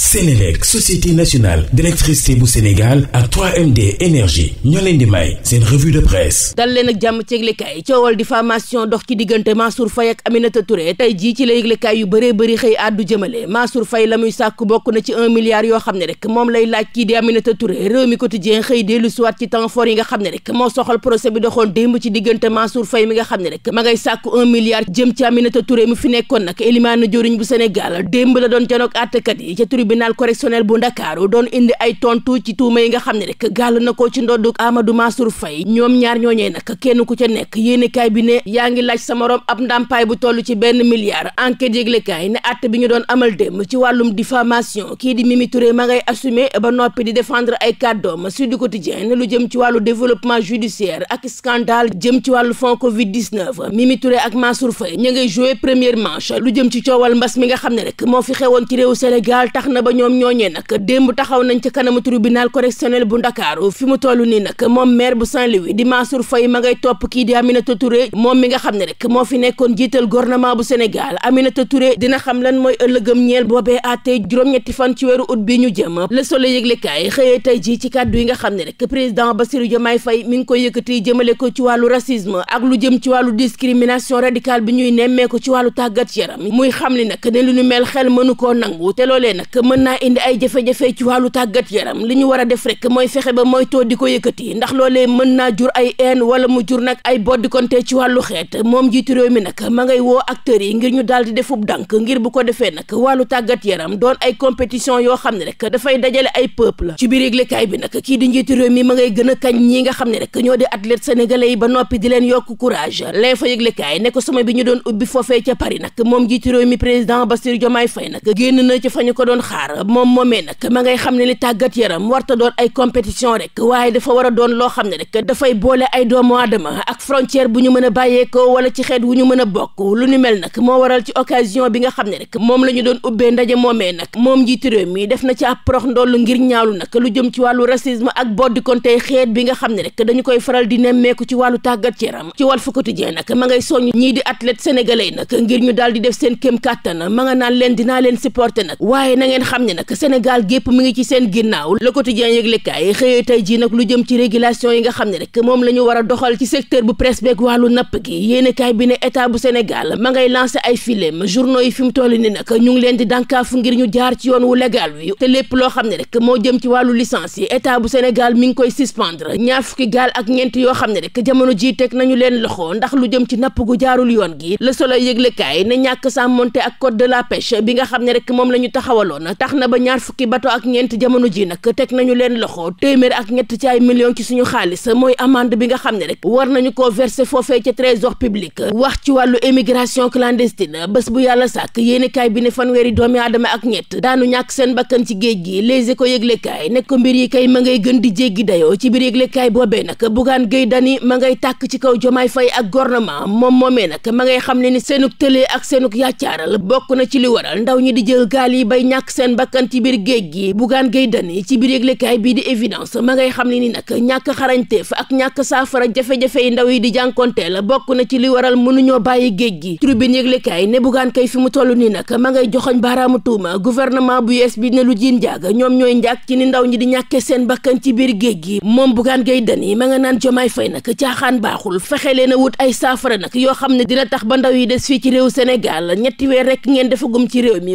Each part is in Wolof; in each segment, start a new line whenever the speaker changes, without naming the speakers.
Sénélec société nationale d'électricité bu Sénégal ak 3MD énergie ñoo leen di may seen revue de presse dal leen ak jàmm ci yëglekaay coowal diffamation dox ci diggante Mansour Faye ak Aminata jii ci la yëglekaay yu bëree bëri xëy àddu jëmale Mansour Faye la muy sàkk bokk na ci un milliard yoo xam ne rek moom lay laaj kii di Aminata Touré réew mi quotidien xëy dellu siwaat ci temps fort yi nga xam ne rek moo soxal procès bi doxoon démb ci diggante Mansour Faye mi nga xam ne rek ma ngay sàkk un milliard jëm ci Aminata Touré mi fi nekkoon nag Elimane Diorigne bu Sénégal démb la doon tribunal correctionnel bu ndakaaru doon indi ay tontu ci tuuma yi nga xam ne rek gàll na ko ci ndoddu Amadou Mansour Faye ñoom ñaar ñooñee nag kenn ku ca nekk yéenekaay bi ne yaa ngi laaj sa morom ab ndàmpaay bu toll ci benn milliard enquête yëglekaay ne àtte bi ñu doon amal démb ci wàllum diffamation kii di Mimi Touré ma ngay assumer ba noppi di défendre ay kàddoom Sud Quotidien lu jëm ci wàllu développement judiciaire ak scandale jëm ci wàllu fond Covid 19 Mimi Touré ak Mansour Faye ñu ngay jouer première manche lu jëm ci coowal mbas mi nga xam ne rek moo fi xewoon ci réew Sénégal tax na na ba ñoom ñooñee nag démb taxaw nañ ci kanamu tribunal correctionnel bu ndakaaru fi mu toll nii nag moom maire bu Saint-Louis di Mansour ma ngay topp kii di Aminata Touré moom mi nga xam ne rek moo fi nekkoon jiital gouvernement bu Sénégal Aminata Touré dina xam lan mooy ëllëgëm ñeel boobee àtte juróom-ñetti fan ci weeru ut bi ñu jëm Le Soleil yëglekaay xëyee tey jii ci kàddu yi nga xam ne rek président Bassirou Diomaye Faye mi ngi koy yëkkati jëmale ko ci mën naa indi ay jafe-jafe ci wàllu tàggat yaram li ñu war a def rek mooy fexe ba mooy too di ko yëkkati ndax loolee mën naa jur ay een wala mu jur nag ay boddikonte ci wàllu xeet moom jiitu réew mi nag ma ngay woo acteurs yi ngir ñu daal di defub dànk ngir bu ko defee nag wàllu tàggat yaram doon ay compétition yoo xam ne rek dafay dajale ay peuple ci biir yëglekaay bi nag kii di njiitu réew mi ma ngay gën a kañ ñi nga xam ne rek ñoo di athlète sénégalais yi ba noppi di leen yokk courage leen fa yëglekaay ne ko sama bi ñu doon ubbi foofee ca Paris nag moom jiitu réew mi président Bassirou Diomaye Faye nag génn na ci fa ko doon xaar moom moomee nag ma ngay xam ne ni tàggat yaram warta doon ay compétition rek waaye dafa war a doon loo xam ne rek dafay boole ay doomu aadama ak frontière bu ñu mën a bàyyeekoo wala ci xeet wu ñu mën a bokk lu ni mel nag moo waral ci occasion bi nga xam ne rek moom la ñu doon ubbee ndaje moomee nag moom njiitu réew mi def na ci ab prox ndollu ngir ñaawlu nag lu jëm ci wàllu racisme ak boddikontey xeet bi nga xam ne rek dañu koy faral di nemmeeku ci wàllu tàggat yaram ci Walf Quotidien nag ma ngay soññ ñii di athlète sénégalais nag ngir ñu daal di def seen kéem kàttan ma nga naan leen dinaa leen supporter nag ngeen xam ne nag Sénégal gépp mi yi nga xam ne rek moom la ñu war a doxal ci secteur ma ngay lancé ay filem journaux yi fi mu di dànkaafu ngir ñu jaar ci yoon wu légal loo xam ne moo jëm ci wàllu licence yi état bu Sénégal mi ngi koy suspendre ñaar fukki gaal ak ñeent yoo xam ne rek jamono ji teg nañu leen loxo ndax lu jëm ci napp gu jaarul yoon gi Le Soleil yëglekaay ne ñàkk sàmmonte ak code de la pêche bi nga xam ne rek moom la taxawaloon yoon tax na ba ñaar fukki bato ak ñeent jamono ji nag teg nañu leen loxo téeméer ak ñett ci ay millions ci suñu xaalis mooy amande bi nga xam ne rek war nañu ko verser foofee ca trésor public wax ci wàllu émigration clandestine bés bu yàlla sàkk yéenekaay bi ne fanweeri doomi aadama ak ñett daanu ñàkk seen bakkan ci géej gi les éco yëglekaay nekk mbir yi kay ma ngay gën di jéggi dayoo ci biir yëglekaay boobee nag bugaan géy dani ma ngay tàkk ci kaw jomaay fay ak gornement moom moomee nag ma ngay xam ne ni seenuk tëlee ak seenuk bokk na ci li waral ndaw seen bakkan ci biir géej gi Bougane Gueye Dany ci biir yëglekaay bii di évidence ma ngay xam ne ni nag ñàkk xarañteef ak ñàkk saafara jafe-jafe yi ndaw yi di jànkonteel bokk na ci li waral mënuñoo bàyyi géej gi tribune yëglekaay ne Bougane kay fi mu toll nii nag ma ngay joxoñ baaraamu tuuma gouvernement bu yees bi ne lu jiin njaag ñoom ñooy njaag ci ni ndaw ñi di ñàkkee seen bakkan ci biir géej gi moom Bougane Gueye Dany ma nga naan jomaay fay nag caaxaan baaxul fexe leen a wut ay saafara nag yoo xam ne dina tax ba ndaw yi des fii ci réew Sénégal ñetti weer rek ngeen defagum ci réew mi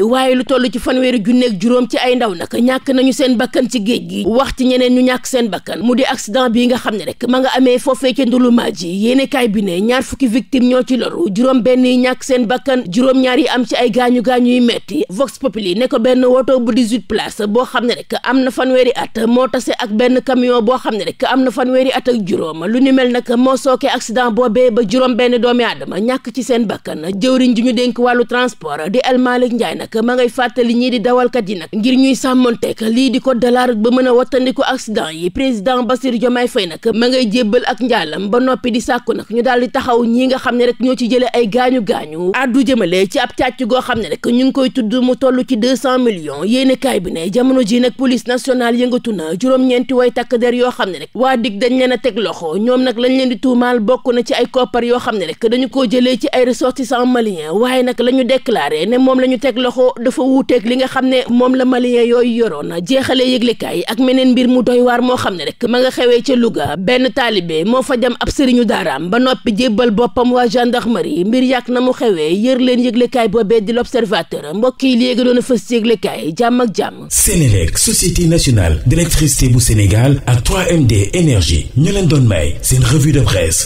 junneeg juróom ci ay ndaw naka ñàkk nañu seen bakkan ci géej gi wax ci ñeneen ñu ñàkk seen bakkan mu di accident bi nga xam ne rek ma nga amee foofee ca Ndulumaaji yéene kaay bi ne ñaar fukki victime ñoo ci loru juróom benn yi ñàkk seen bakkan juróom ñaar yi am ci ay gaañu gaañu yu metti Vox Populi ne ko benn woto bu 18 place boo xam ne rek am na fanweeri at moo tase ak benn camion boo xam ne rek am na fanweeri at ak juróom lu ñu mel nag moo sookee accident boobee ba juróom benn doomi aadama ñàkk ci seen bakkan jëwriñ ju ñu dénk wàllu transport di El Malick Ndiaye nag ma ngay fàttali ñii di dawal dawalkat yi nag ngir ñuy sàmmonteek lii di code de la route ba mën a wattandiku accident yi président Bassirou Diomaye Faye nag ma ngay jébbal ak njaalam ba noppi di sàkku nag ñu daal taxaw ñi nga xam ne rek ñoo ci jëlee ay gaañu gaañu addu jëmale xam ne rek ñu ngi koy tudd mu toll ci deux cent millions yéene kaay bi ne jamono ji nag police nationale yëngatu na juróom-ñeenti way takk der yoo xam ne rek waa dig dañ leen a teg loxo ñoom nag lañ leen di tuumaal bokk na ci ay koppar yoo xam ne rek dañu koo jëlee ci ay ressortissants maliens la ñu déclaré ne moom la ne moom la malien yooyu yoroon jeexalee yëglekaay yi ak meneen mbir mu doy waar moo xam ne rek ma nga xewee ca Louga benn taalibe moo fa dem ab sëriñu daaraam ba noppi jébbal boppam waa gendarmerie mbir yàq na mu xewee yër leen yëglekaay boobee di l'observateur mbokk yi léegi doon a fës ci yëglekaay jàmm ak jàmm Sénélec société nationale d'électricité bu Sénégal ak md énergie ñu leen doon may seen revue de presse